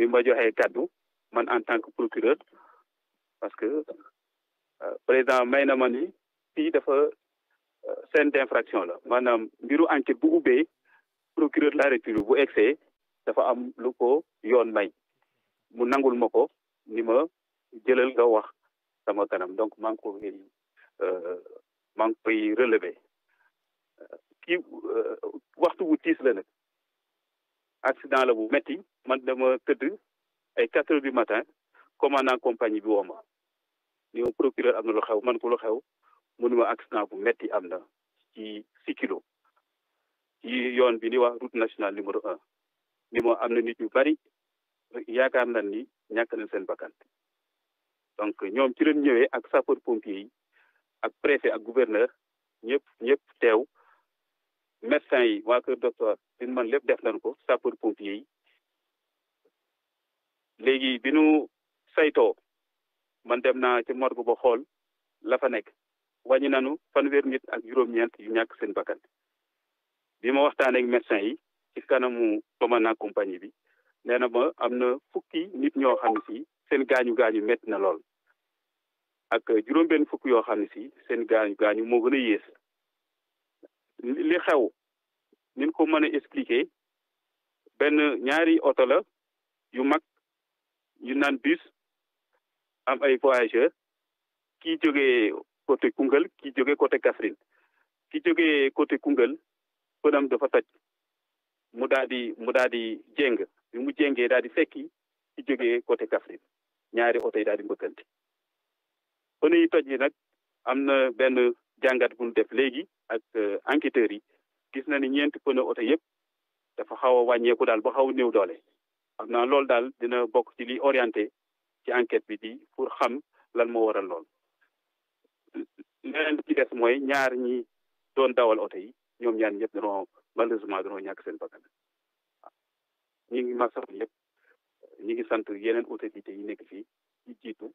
bi ma joxee kaddu man en tant que procureur parce que euh, président may na ma ni fii dafa euh, scène d'infraction la maanaam mbiru enquête bu ubbee procureur la république bu egsee dafa am lu ko yoon may mu nangul ma ko ni ma jëlal nga wax sama kanam donc maa ngi koy euh, maa ngi koy relever kii waxtu bu tiis la nag accident la bu metti man dama tëdd ay quatre heures du matin commandant compagnie bi woo ma ni ma procureur am na lu xew man ko lu xew mu ni ma accident bu metti am na ci six kilos ci yoon bi ni wax route nationale numéro un ni ma am na nit yu bari yaakaar na ni ñàkk nañ seen bakkan donc ñoom ci leen ñëwee ak sapeur pompier yi ak préfet ak gouverneur ñëpp ñëpp teew médecin yi waa kër docteur liñ mën lépp def nañ ko sapour pompier yi léegi bi nu sayto man dem naa ci morgue ba xool la fa nekk wàññi nanu fanweer nit ak juróom-ñeent yu ñàkk seen bakkan bi ma waxtaanee ak médecin yi ci kanamu commandant compagnie bi nee na ma am na fukki nit ñoo xam ne si seen gaañu gaañu métti na lool ak juróom-benn fukki yoo xam ne si seen gaañu gaañu moo gën a yées li xew niñ ko mën a expliquer benn ñaari oto la yu mag yu naan bus am ay voyageurs ki jógee côté Koungheul ki jógee côté Kaffrine kii jógee côté Koungheul pënam dafa toj mu daal di mu daal di jéng bi mu jéngee daal di fekki ki jógee côté Kaffrine ñaari oto yi daal di mbëkkante pëne toj yi nag am na benn jàngat bu ñu def léegi ak euh, enquêteurs yi gis na ni ñeenti pneu oto yëpp dafa xaw a wàññeeku daal ba xaw a néew doole xam naa loolu daal dina bokk ci li orienté ci enquete bi di pour xam lan moo waral lool. leneen ci des mooy ñaar ñi doon dawal oto yi ñoom ñaar ñëpp danoo malheureusement danoo ñàkk seen bakkan ñi ngi masaw yëpp ñi ngi sant yeneen autorités yi nekk fii ci jiitu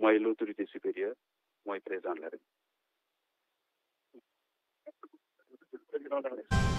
mooy l' autorité supérieure mooy président de la République Gracias.